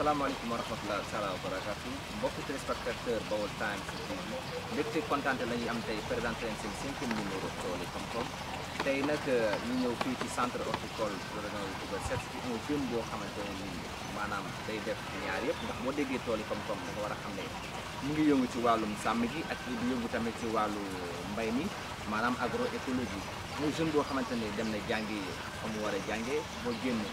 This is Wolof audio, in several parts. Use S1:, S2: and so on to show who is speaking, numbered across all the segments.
S1: asalaamaaleykum wa rahmatulah taala wa barakaatu mbokk téléspectateur Baol Times TV mbégte kontaante la ñuy am tey présenté leen seen cinquième numéro tool tey nag euh, ñu ñëw fii ci centre horticole région de Diourbel seet boo xamante ne nii maanaam day def yëpp ndax boo déggee tool yi koom-koom da war a xam ne mu ngi yëngu ci wàllum sàmm gi ak di yëngu tamit ci wàllu mbay mi maanaam agro muy jeune boo xamante ne dem na jàngi fa mu war a jàngee boo génn.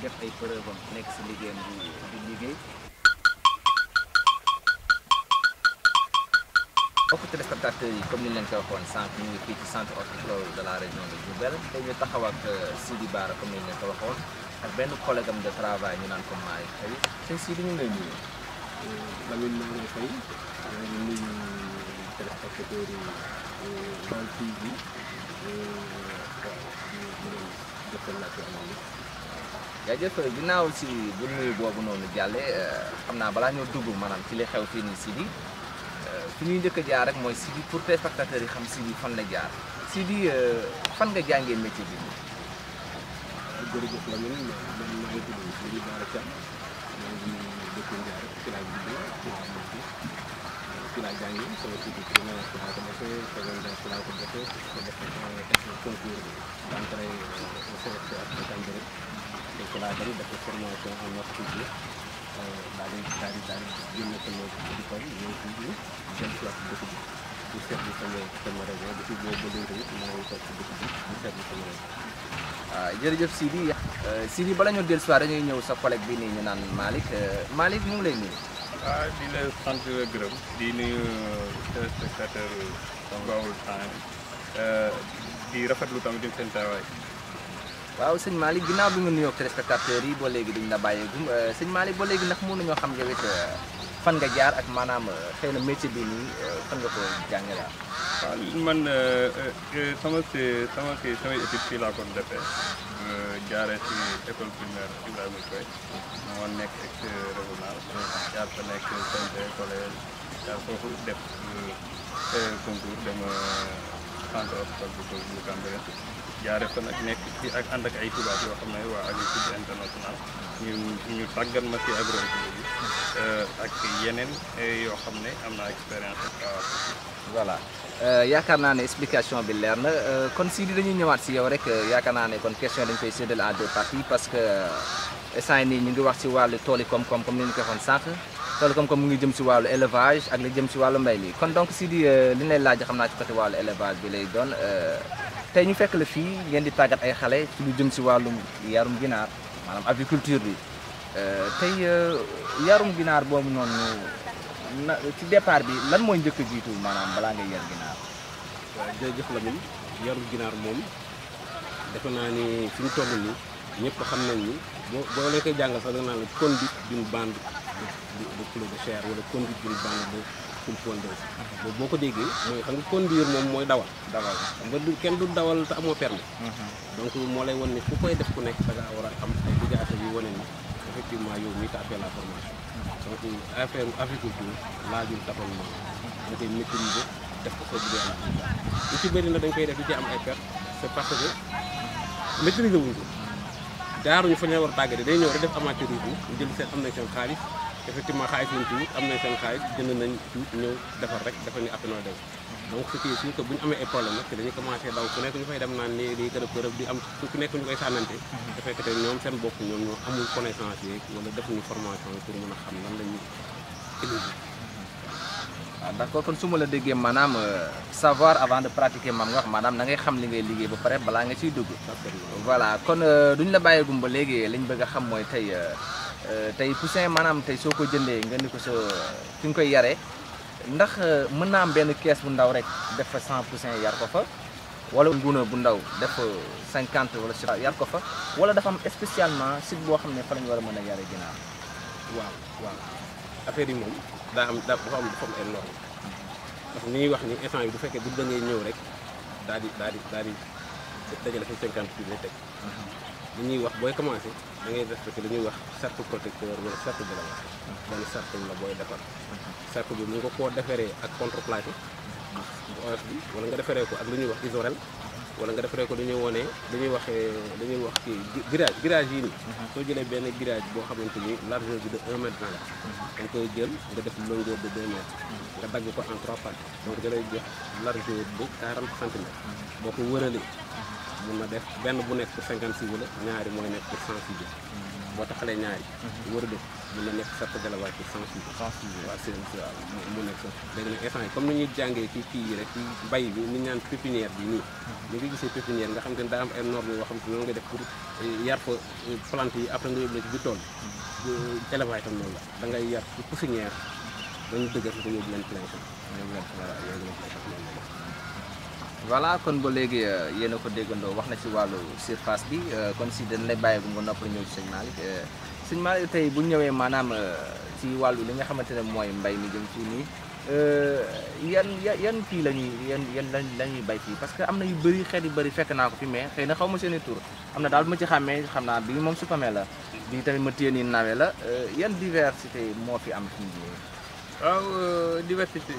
S1: def ay preuve nekk si liggéeyam bi di liggéey. mbokk téléspectateurs yi comme ni ñu leen ko waxoon sànq ñu ngi fii ci de la région de Diourbel dañu taxaw ak Sidi Bara comme ni leen ko waxoon ak benn collègue am de travail ñu naan ko Malick Faye
S2: tey Sidi ñu ngi lay nuyu.
S1: Lamine maa ngi fay maa ngi yi Baol TV bi waaw ñu ngi jaajëf ginnaaw si bu nuyu boobu noonu jàllee eh, xam naa balaa ñoo dugg maanaam ci li xew fii nii Sidy eh, fi ñuy njëkk jaar rek mooy Sidy pour téléspectateurs yi xam Sidy fan la jaar Sidy eh, fan nga jàngee métier bi.
S2: jërëjëf la man man maa ngi tudd Sidy Bara Thiam maa ko defee secondaire ko defee dañ ko laajal def ko formation en horticulture daal di daal di daal si ba léegi tamit
S1: maa ngi dañuy ñëw sa collègue bi nii ñu naan Malick Malick mu ngi lay nuyu.
S3: waaw di la sant la gërëm di nuyu
S1: téléspectateur Baol Times di rafetlu tamit seen taxawaay. waaw sëñ Malick ginnaaw bi nga nuyoog téléspectateurs yi ba léegi duñ la bàyyeegum euh, sëñ maali ba léegi ndax mën nañoo xam yow it euh, fan nga jaar ak maanaam euh, xëy na métier bi nii fan nga ko jàngee
S3: waaw man sama si sama si samay études fii laa ko defee jaaree ci école primaire Ibrahima Koy moo nekk ex régional jaar fa nekk CNT collège jaar foofu def 30 octobre boobu bu Cambérène jaare fa nekk ci ak ànd ak ay tubaab yoo xam ne waa agriculture international ñu ñu tàggat
S1: ma ci agroécologie
S3: euh, ak yeneen euh, yoo xam ne am naa expérience
S1: ak voilà euh, yaakaar naa ne explication bi leer na kon si di dañuy ñëwaat si yow rek yaakaar naa ne kon question dañ koy séddale en deux parties parce que instant nii ñu ngi wax si wàllu tool yi koom-koom comme ni ñu ko waxoon loolu comme que mu ngi jëm si wàllu élevage ak la jëm si wàllu mbay mi kon donc si di euh, li lay laaj xam naa ci côté wàllu élevage bi lay doon euh, tey ñu fekk la fii ngeen di tàggat ay xale ci lu jëm si wàllum yarum ginaar maanaam aviculture bi euh, tey yarum ginaar boobu noonu ci départ bi lan mooy njëkk jiitu maanaam balaa ngay yar ginaar. waaw jërëjëf Lamine yarum ginaar moom
S2: defe naa ni fi mu toll nii ñëpp xam ne ni boo lekkee leen koy jàngal sax da nga naan la conduite d'une de de coulée de chair wala conduite d'une bande de fourpondeuse. boobu boo ko déggee mooy xam nga conduire moom mooy dawal. dawal xam nga du kenn du dawal te amoo permis. Mhm. donc moo lay wan ne ku koy def ku nekk da a am ay liggéeykat yu wane ni effectivement yow mii affaire agriculture laajul taxawuñu da nga koy maîtriser def ko soo jugee am na dañ koy def di ci am ay perte c'est parce que maîtriser wuñ ko. daaruñu fa ñu war a tàggatee day ñëw rek def amateurisme ñu jël seen am nañ seen xaalis. effectivement xaalis lañ ci wut am nañ seen xaalis jënd nañ ci ñëw defar rek dafa ni après noo dem donc ce qui est bu ñu amee ay problème nag dañu commencé daw ku nekk ñu dem naan ni lii kërëb kërëb di am ku nekk ñu koy sànnante te fekk te ñoom seen bopp ñoom ñoo amul connaissance wala defuñu
S1: formation yi pour mën xam lan la ñuy éligible ah, kon su ma la déggee maanaam euh, savoir avant de pratiquer maam nga wax maanaam na ngay xam li ngay liggéey ba pare balaa nga ciy dugg voilà kon euh, duñu la bàyyeegum ba léegi liñ bëgg a xam mooy tey euh, Euh, tey poussin maanaam tey soo ko jëndee nga ni ko sa fi nga koy yaree ndax euh, mën naa am benn kees bu ndaw rek def fa 100 poussin yar ko fa wala nguuna bu ndaw def cinquante wala si yar ko fa wala dafa am spécialement site boo xam ne fa lañu war a mën a yare ginaar
S2: waaw waaw yi moom daa am daa dafa am ñuy wax ni instant yi bu fekkee bu da ñëw rek daal di daal di daal di dajale fa 50 poussin teg mhm. li ñuy wax booy commencé da ngay respecté li ñuy wax cercle protecteur wala cercle de la wax benn cercle la booy defar cercle bi mu nga koo defaree ak contreplaqué oos bi wala nga defaree ko ak lu ñuy wax isorel wala nga defaree ko lu ñuy wonee lu ñuy waxee lu ñuy wax kii girage girage yi nii mhm. soo jëlee benn girage boo xamante ni largeur bi de 1 mètre vingt la mhm. danga koy jël nga def longueur de 2 mètres mhm. nga dagg ko en trois parties donc da lay jox largeur bu 40 centimètres boo ko wëralee mun na def benn bu nekk pour cinquante six la ñaari mooy nekk pour cent six boo taxalee ñaari wër dëkk mun na nekk sept galawaay pour cent six waaw seen waaw mu nekk sa léegi nag instant comme ni ñuy jàngee ci kii yi rek ci mbay bi ni ñaan pépinière bi nii ni nga gisee pépinière nga xam te ne daa am ay norme yoo xam te noonu nga def pour eh, yar fa eh, plante yi après nga yóbbu la ci tool hmm.
S1: élevage tam noonu la da ngay yar ci poussinière dañu dëgër nga yóbbu leen plante voilà kon ba léegi euh, yéen a ko déggandoo wax na ci wàllu surface bi comme euh, si dañ lay bàyyeeku bu nga noppal ñëw ci sëñ Malick euh, sëñ Malick tey bu ñëwee maanaam ci wàllu li nga xamante ne mooy mbay mi jëm fii nii yan yan fii la ñuy yan yan la ñuy bay fii parce que am na yu bëri xeet yu bëri fekk naa ko fi mais xëy na xaw ma seen i tur am na daal ma ci xàmmee xam naa bii moom supame la bii tamit ma téye nii nawe la yan diversité moo fi am fii
S3: waaw diversité.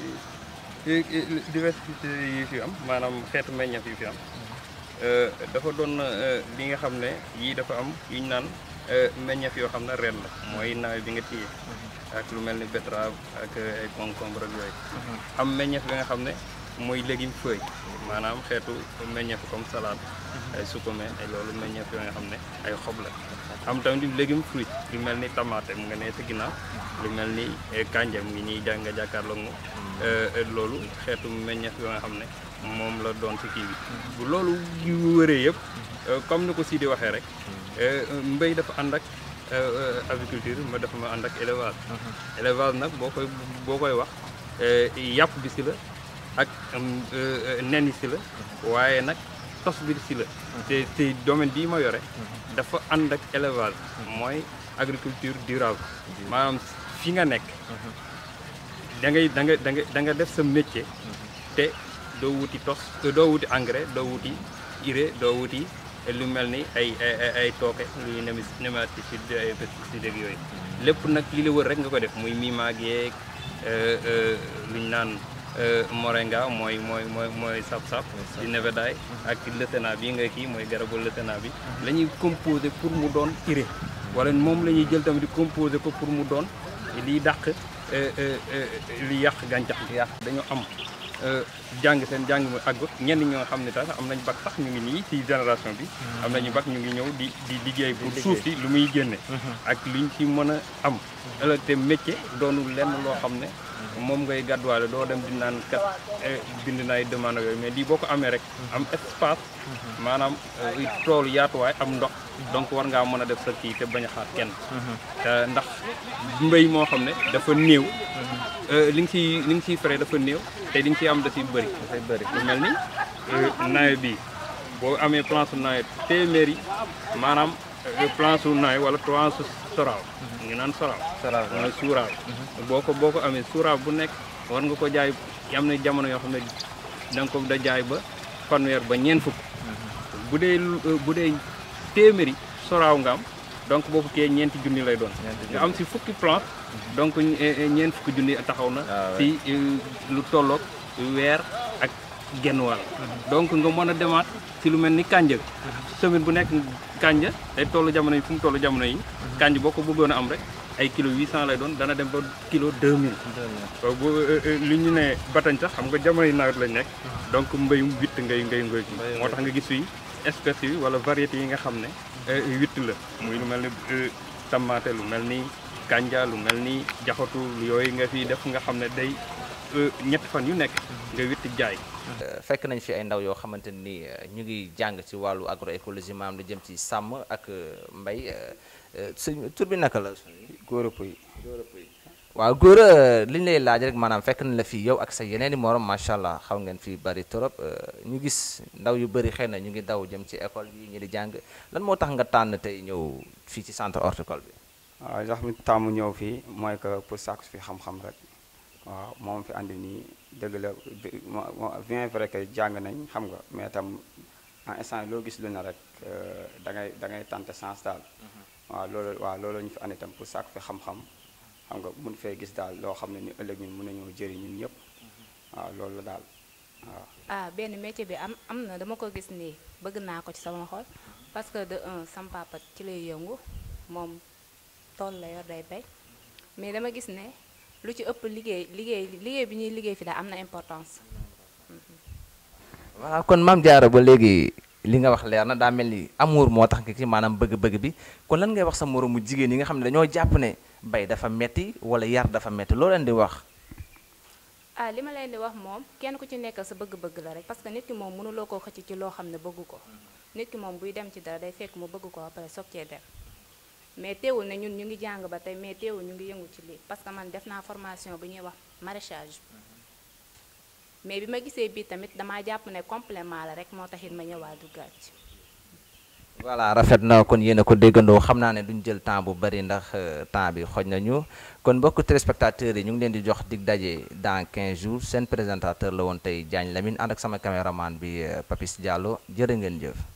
S3: diversité yi fi am maanaam xeetu meññeef yi fi am euh, dafa doon euh, li nga xam ne yii dafa am yi ñu naan euh, meññeef yoo xam ne ren la mooy na bi nga téye ak lu mel ni betterave ak ay concombre ak yooyu mhm. am meññeef bi nga xam ne mooy légume feuille maanaam xeetu meññeef comme salade ay sukume ay loolu meññeef yoo nga xam ne ay xob la am tamit di légume fruit lu mel ni tamaate mu nga nee sa ginnaaw lu mel ni kànja eh, mu ngi nii jàng nga jàkkaarloo mu eh, eh, loolu xeetu meññeef yoo nga xam ne moom la doon ci kii bi bu loolu yu wëree yëpp comme ni ko Sidi waxee rek mbéy dafa ànd ak aviculture ma dafa ànd ak élevage nag boo koy boo koy wax yàpp bi si la ak mm, nen yi si la waaye nag tasbir si la te te domaine bii ma yore dafa ànd ak élevage mooy agriculture durable maanaam fi nga nekk da ngay da nga def sa métier te doo wuti tos doo wuti engrais doo wuti urée doo wuti lu mel ni ay ay ay tooke luy nématicide ay pesticide ak yooyu lépp nag li la wër rek nga ko def muy mimaag yeeg euh, euh, luñ naan Euh, moringa mooy mooy mooy mooy sap-sap di nebedaay ak lëtëna bi nga kii mooy garabu lëtëna bi lañuy ñuy pour mu doon urée wala moom la ñuy jël tamit di composé ko pour mu doon lii dàq euh, euh, li yàq gàncax gi yàq dañoo am jàng seen jàng mooy àggut ñenn ñoo xam ne tax am nañu bac sax ñu ngi nii ci génération bi am nañu bac ñu ngi ñëw di di liggéey pour suuf si lu muy génne mm-hmm. ak luñ ci mën a am ëllëg te métier doonul lenn loo xam ne moom ngay gàdduwaale doo dem di naan kat eh, bind na ay demande yooyu mais lii boo ko amee rek am espace maanaam eh, toolu yaatuwaay am ndox donc war ngaa mën a def sa kii te bañ a xaar kenn ndax mbéy moo xam ne dafa néew eh, li nga ciy li nga ciy frais dafa néew te li nga ciy am da ciy bëri dafay bëri lu mel ni nawet bi boo amee plan su nawet téeméeri maanaam plan sunnaay wala plan soraaw ngi naan soraaw soraaw mooy suuraaw mhm. boo ko boo ko amee suuraaw bu nekk war nga ko jaay am na jamono yoo xam ne da nga ko da jaay ba fanweer ba ñeent fukk mhm. bu dee euh, bu dee téeméeri soraaw nga am donc boo fukkee ñeenti junni lay doon nga am si fukki plante mhm. donc eh, eh, ñeent fukki junni taxaw na ah, si euh, lu tolloog weer ak genn wàll donc nga mën a demaat si lu mel ni kànja semaine bu nekk kànja day toll jamono yi fu mu toll jamono yi kànja boo ko bëggoon a am rek ay kilo 800 lay doon dana dem ba kilo 2000 bu euh, euh, euh, li ñu ne batañ sax xam nga jamono yi nawet lañ nekk donc mbéyum witt ngay ngay ngoy moo tax nga gis fii espèces yi wala variété yi nga xam ne witt la muy lu mel ni tamaate lu mel ni
S1: kànja lu mel ni jaxatu yooyu nga fi def nga xam ne day ñetti fan yu nekk nga witti jaay. fekk nañ fi ay ndaw yoo xamante ni euh, ñu ngi jàng ci wàllu agroécologie maam lu jëm ci sàmm ak euh, mbay euh, suñ tur naka la. góor a puy waaw góor li ñu lay laaj rek maanaam fekk na la fii yow ak sa yeneen i morom macha allah xaw ngeen fi bari torop ñu gis ndaw yu bëri xëy na ñu ngi daw jëm ci école yi ñu di jàng lan moo tax nga tànn tey ñëw fii ci centre horticole bi. waaw li tax tàmm ñëw fii mooy que pour sàkku fi xam-xam waaw moom fi ànd nii dëgg la bien vrai que jàng nañ xam nga mais tam en instant loo gis lu na rek euh, da ngay da ngay tenter sens daal mm-hmm. waaw loolu waaw loolu ñu fi andi tam pour sàkk fi
S3: xam-xam xam nga mun fee gis daal loo xam ne ni ëllëg ñun mun nañoo jëriñu ñun ñëpp mm-hmm. waaw
S2: loolu daal waaw
S1: ah benn métier bi am am na dama ko gis nii bëgg naa ko ci sama xol parce que de un sam ci lay yëngu moom tool la yor day bay mais dama gis ne lu ci ëpp liggéey liggéey liggéey bi ñuy liggéey fi daal am na importance. voilà kon maam Diarra ba léegi li nga wax leer na daa mel ni amour moo tax nga ci maanaam bëgg-bëgg bi kon lan ngay wax sa moromu jigéen yi nga xam ne dañoo jàpp ne bay dafa metti wala yar dafa metti loo leen di wax. ah li ma leen di wax moom kenn ku ci nekk sa bëgg-bëgg la rek parce que nit ki moom mënuloo koo xëcc ci loo xam ne bëgg ko mm-hmm. nit ki moom buy dem ci dara day fekk mu bëgg ko après soog cee mais teewul ne ñun ñu ngi jàng ba tey mais teewul ñu ngi yëngu ci lii parce que man def naa formation bu ñuy wax maraîchage mais bi ma gisee bii tamit damaa jàpp ne complément la rek moo taxit ma ñëwaat duggaat ci. voilà rafet na kon yéen a ko déggandoo xam naa ne duñ jël temps bu bari ndax euh, temps bi xoj nañu kon mbokku téléspectateurs yi ñu ngi leen di jox dig daje dans 15 jours seen présentateur la woon tey Diagne Lamine ànd ak sama caméraman bi euh, Papis Diallo jërë ngeen jëf.